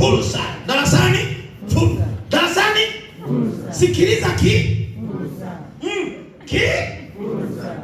fursa. Darasani fursa. Darasani fursa. Sikiliza ki fursa. Mm. Ki fursa.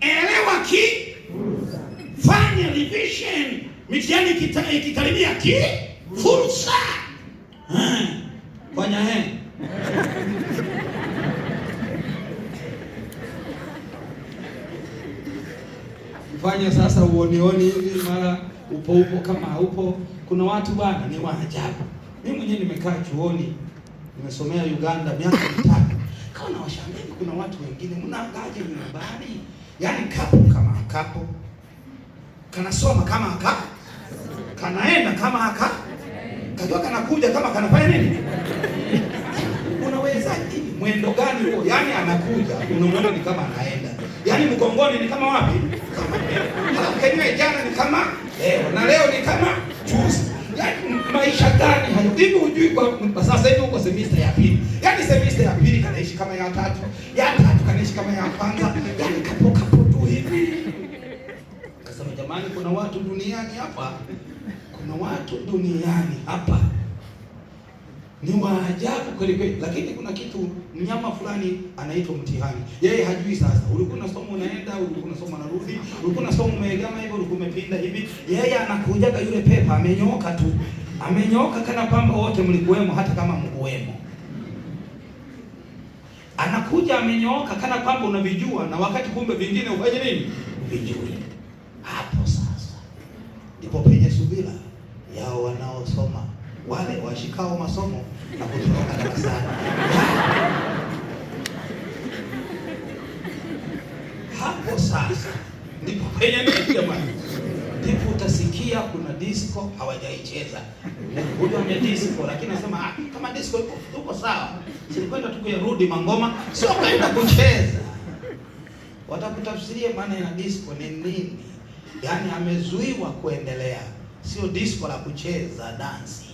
Elewa ki fursa. Fanya revision. Mitihani ikikaribia ki fursa. Ah. Fanya haya. Eh. kufanya sasa uonioni hivi mara upo upo kama haupo. Kuna watu bwana ni waajabu. Mimi mwenyewe nimekaa chuoni, nimesomea Uganda miaka mitatu, kawa na washambeni. Kuna watu wengine mnaangaje nyumbani, yaani kapo kama akapo, kanasoma kama aka, kanaenda kama aka, kajua kanakuja kama kanafanya nini unawezaje? Mwendo gani huo? Yaani anakuja unamuona ni kama anaenda yaani mgongoni ni kama wapi? Halafu jana ni kama leo na leo ni kama juzi. Yaani maisha gani hayo? Hivi hujui kwa sasa hivi uko semester ya pili. Yaani semester ya pili kanaishi kama ya tatu. Ya tatu kanaishi kama ya kwanza. Yaani kapo kapo tu hivi. Kasema jamani, kuna watu duniani hapa. Kuna watu duniani hapa ni maajabu kweli kweli, lakini kuna kitu mnyama fulani anaitwa mtihani. Yeye hajui sasa, ulikuwa somo unaenda, ulikuwa somo unarudi, ulikuwa unasoma umeegama hivyo, ulikuwa umepinda hivi, yeye anakujaga yule pepa amenyooka tu, amenyooka kana pamba wote mlikuwemo, hata kama mkuwemo anakuja amenyooka kana pamba unavijua, na wakati kumbe vingine ufanye nini, vijui. Hapo sasa ndipo penye subira yao wanaosoma wale washikao masomo na kutoroka darasani. Hapo sasa ndipo kwenye nini jamani, ndipo utasikia kuna disco hawajaicheza. Huyo ame disco lakini nasema ah, kama disco iko tuko sawa, silikwenda tukuyarudi mangoma, sio kaenda kucheza. Watakutafsiria maana ya disco ni nini, yaani amezuiwa kuendelea, sio disco la kucheza dansi